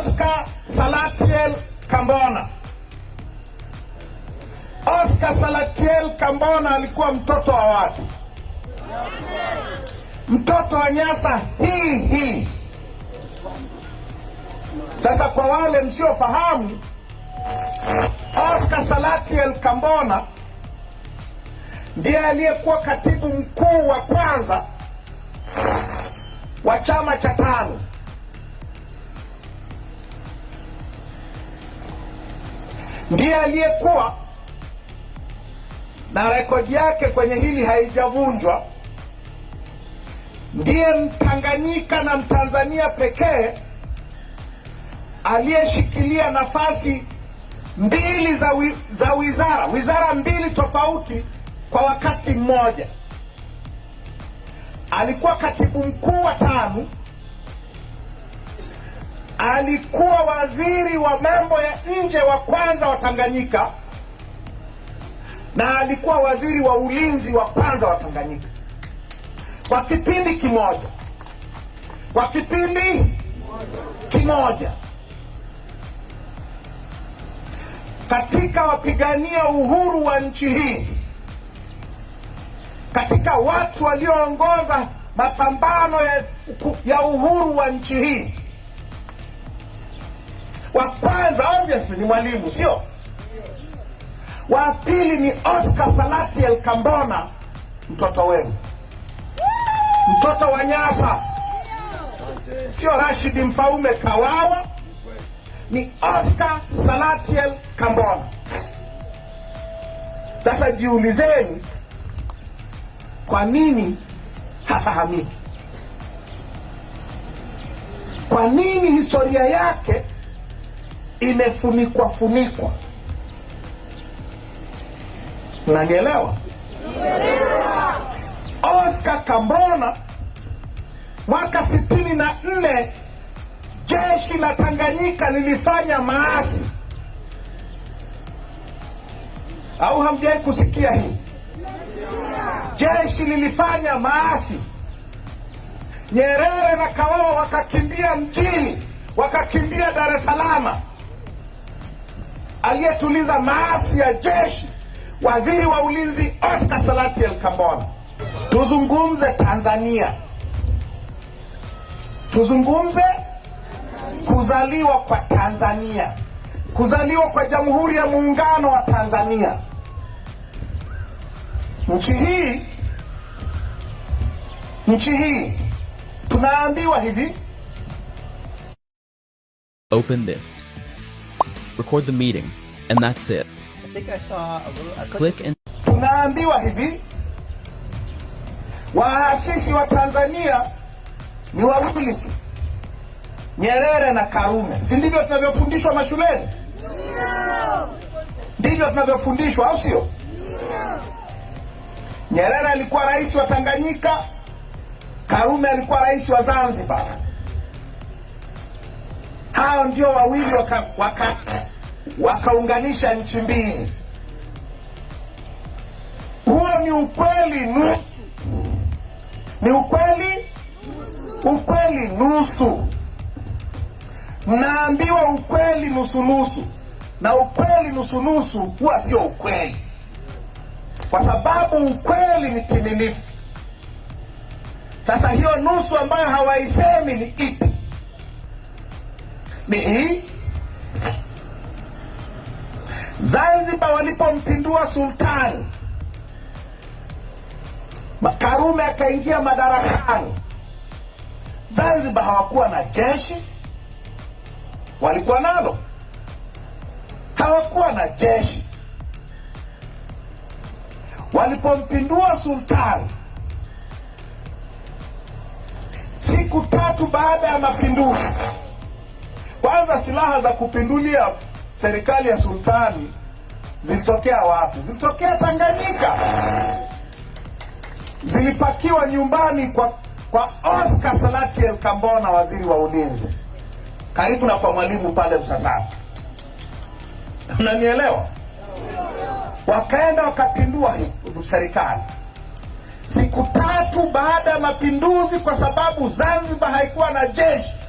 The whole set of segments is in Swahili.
Oscar Salatiel Kambona. Oscar Salatiel Kambona alikuwa mtoto wa watu Mtoto wa Nyasa hii hii. Sasa kwa wale msiofahamu, Oscar Salatiel Kambona ndiye aliyekuwa katibu mkuu wa kwanza wa chama cha tano. ndiye aliyekuwa na rekodi yake kwenye hili haijavunjwa, ndiye Mtanganyika na Mtanzania pekee aliyeshikilia nafasi mbili za, wi, za wizara wizara mbili tofauti kwa wakati mmoja. Alikuwa katibu mkuu wa TANU alikuwa waziri wa mambo ya nje wa kwanza wa Tanganyika na alikuwa waziri wa ulinzi wa kwanza wa Tanganyika kwa kipindi kimoja, kwa kipindi kimoja. Katika wapigania uhuru wa nchi hii, katika watu walioongoza mapambano ya, ya uhuru wa nchi hii wa kwanza obviously ni mwalimu, sio? Wa pili ni Oscar Salatiel Kambona, mtoto wenu, mtoto wa Nyasa, sio Rashid Mfaume Kawawa, ni Oscar Salatiel Kambona. Sasa jiulizeni, kwa nini hafahamiki? Kwa nini historia yake imefunikwa funikwa. Mnanielewa? Oscar Kambona mwaka sitini na nne jeshi la Tanganyika lilifanya maasi, au hamjai kusikia hii? Jeshi lilifanya maasi, Nyerere na Kawawa wakakimbia mjini, wakakimbia Dar es Salaam aliyetuliza maasi ya jeshi, waziri wa ulinzi Oscar Salatiel Kambona. Tuzungumze Tanzania, tuzungumze kuzaliwa kwa Tanzania, kuzaliwa kwa Jamhuri ya Muungano wa Tanzania. Nchi hii nchi hii tunaambiwa hivi, open this record the meeting, and that's it. I think I saw a little, I click and tunaambiwa hivi, waasisi wa Tanzania ni wawili, Nyerere na Karume, si ndivyo tunavyofundishwa mashuleni? Ndivyo tunavyofundishwa, au sio? Nyerere alikuwa rais wa Tanganyika, Karume alikuwa rais wa Zanzibar hao ndio wawili wakaunganisha waka, waka nchi mbili. Huo ni ukweli nusu, ni ukweli ukweli nusu. Mnaambiwa ukweli nusu nusu, na ukweli nusu nusu huwa sio ukweli, kwa sababu ukweli ni timilifu. Sasa hiyo nusu ambayo hawaisemi ni ipi? ni hii Zanzibar walipompindua sultani Karume akaingia madarakani, Zanzibar hawakuwa na jeshi, walikuwa nalo, hawakuwa na jeshi. Walipompindua sultani, siku tatu baada ya mapinduzi kwanza, silaha za kupindulia serikali ya sultani zilitokea wapi? Zilitokea Tanganyika, zilipakiwa nyumbani kwa kwa Oscar Salatiel Kambona, waziri wa ulinzi, karibu na kwa Mwalimu pale Msasani. Unanielewa? Wakaenda wakapindua serikali siku tatu baada ya mapinduzi, kwa sababu Zanzibar haikuwa na jeshi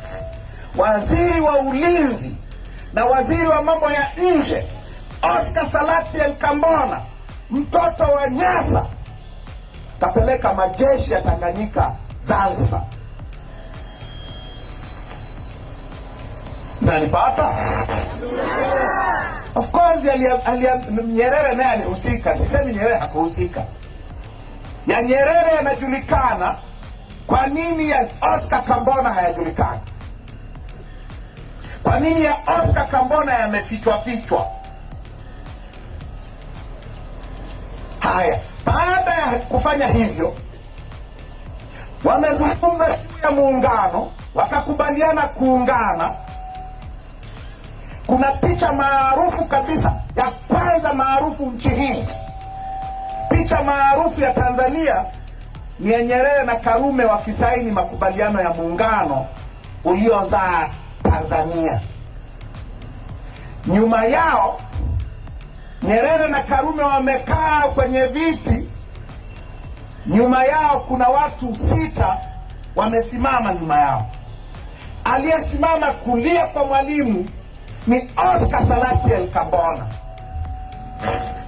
waziri wa ulinzi na waziri wa mambo ya nje Oscar Salatiel Kambona, mtoto wa Nyasa, kapeleka majeshi ya Tanganyika Zanzibar. Nanipata? Of course Nyerere naye alihusika, sisemi Nyerere hakuhusika. Ya Nyerere yanajulikana, kwa nini ya Oscar Kambona hayajulikani? Kwa nini ya Oscar Kambona yamefichwafichwa? Haya, baada ya kufanya hivyo, wamezungumza juu ya muungano, wakakubaliana kuungana. Kuna picha maarufu kabisa ya kwanza maarufu nchi hii, picha maarufu ya Tanzania ni ya Nyerere na Karume wakisaini makubaliano ya muungano uliozaa Tanzania. Nyuma yao Nyerere na Karume wamekaa kwenye viti, nyuma yao kuna watu sita wamesimama nyuma yao. Aliyesimama kulia kwa Mwalimu ni Oscar Salatiel Kabona,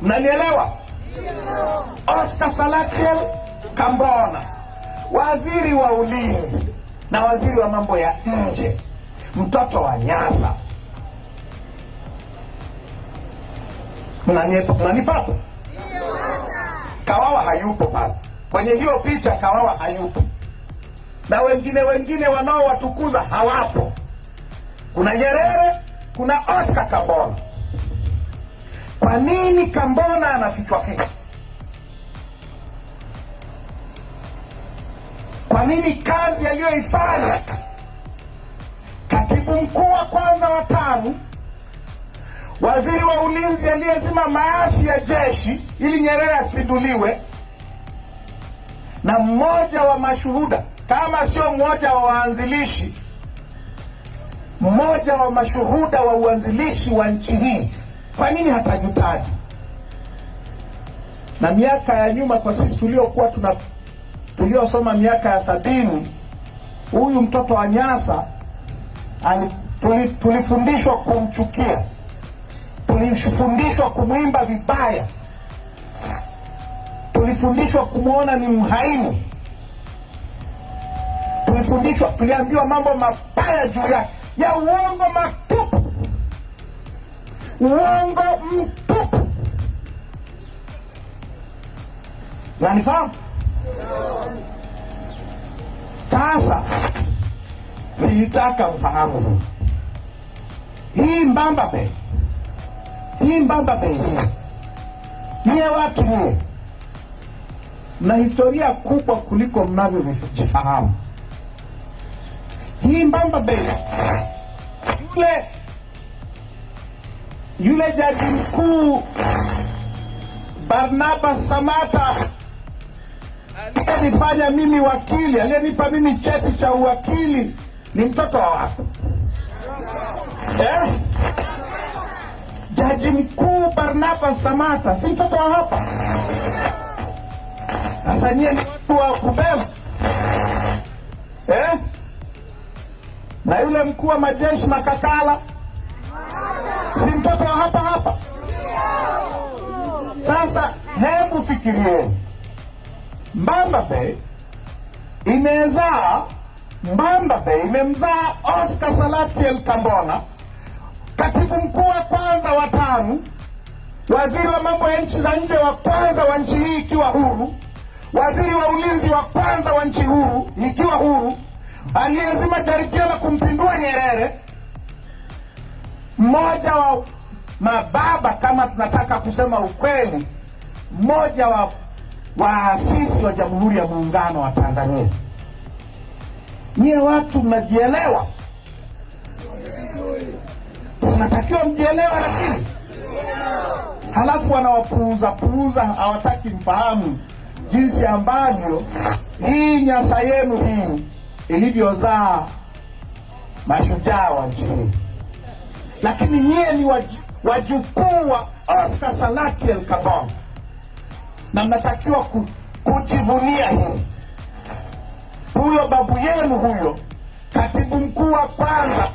mnanielewa? Oscar Salatiel Kabona, waziri wa ulinzi na waziri wa mambo ya nje mtoto wa Nyasa. Mnanipata? Kawawa hayupo pale kwenye hiyo picha, Kawawa hayupo na wengine wengine wanaowatukuza hawapo. Kuna Nyerere, kuna Oscar Kambona. Kwa nini Kambona fichwa? Kwa nini kazi aliyoifanya Katibu mkuu wa kwanza wa TANU, waziri wa ulinzi aliyezima maasi ya jeshi ili Nyerere asipinduliwe, na mmoja wa mashuhuda kama sio mmoja wa waanzilishi, mmoja wa mashuhuda wa uanzilishi wa nchi hii. Kwa nini hatajutaji? Na miaka ya nyuma kwa sisi tuliokuwa tuna tuliosoma miaka ya sabini, huyu mtoto wa Nyasa tulifundishwa kumchukia, tulifundishwa kumwimba vibaya, tulifundishwa kumwona ni mhaimu tulifundishwa, tuliambiwa mambo mabaya juu ya ya uongo matupu, uongo mtupu. nanifahamu Sasa Niliitaka ufahamu huu hii mbamba bei, hii mbamba bei hii niye watu niye na historia kubwa kuliko mnavyojifahamu. Hii mbamba bei, yule yule jaji mkuu Barnaba Samata aliyenifanya mimi wakili, aliyenipa mimi cheti cha uwakili ni mtoto wa wapi eh? Jaji mkuu Barnaba Samata si mtoto wa hapa? Sasa nyie ni watu wa kubeba eh? na yule mkuu wa majeshi Makakala si mtoto wa hapa hapa? Sasa hebu fikirieni, Mbamba Bay imezaa Mbamba Bay imemzaa Oscar Salatiel Kambona, katibu mkuu wa kwanza wa TANU, waziri wa mambo ya nchi za nje wa kwanza wa nchi hii ikiwa huru, waziri wa ulinzi wa kwanza wa nchi huru ikiwa huru, aliyezima jaribio la kumpindua Nyerere, mmoja wa mababa, kama tunataka kusema ukweli, mmoja wa waasisi wa Jamhuri ya Muungano wa Tanzania. Nyie watu mnajielewa, sinatakiwa mjielewa, lakini halafu wanawapuuza puuza, hawataki mfahamu jinsi ambavyo hii nyasa yenu hii ilivyozaa mashujaa wa nchi hii. Lakini nyie ni wajukuu wa Oscar Salatiel Kabongo na mnatakiwa kujivunia hii huyo babu yenu huyo, katibu mkuu wa kwanza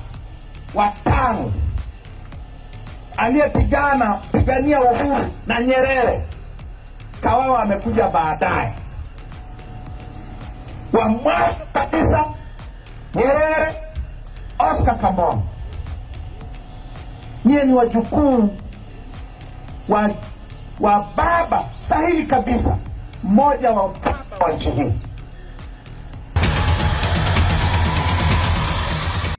wa tano aliyepigana pigania uhuru na Nyerere. Kawawa amekuja baadaye wa mwanzo kabisa, Nyerere, Oscar kamon Nyie ni wajukuu wa, wa baba sahili kabisa, mmoja wa baba wa nchi hii.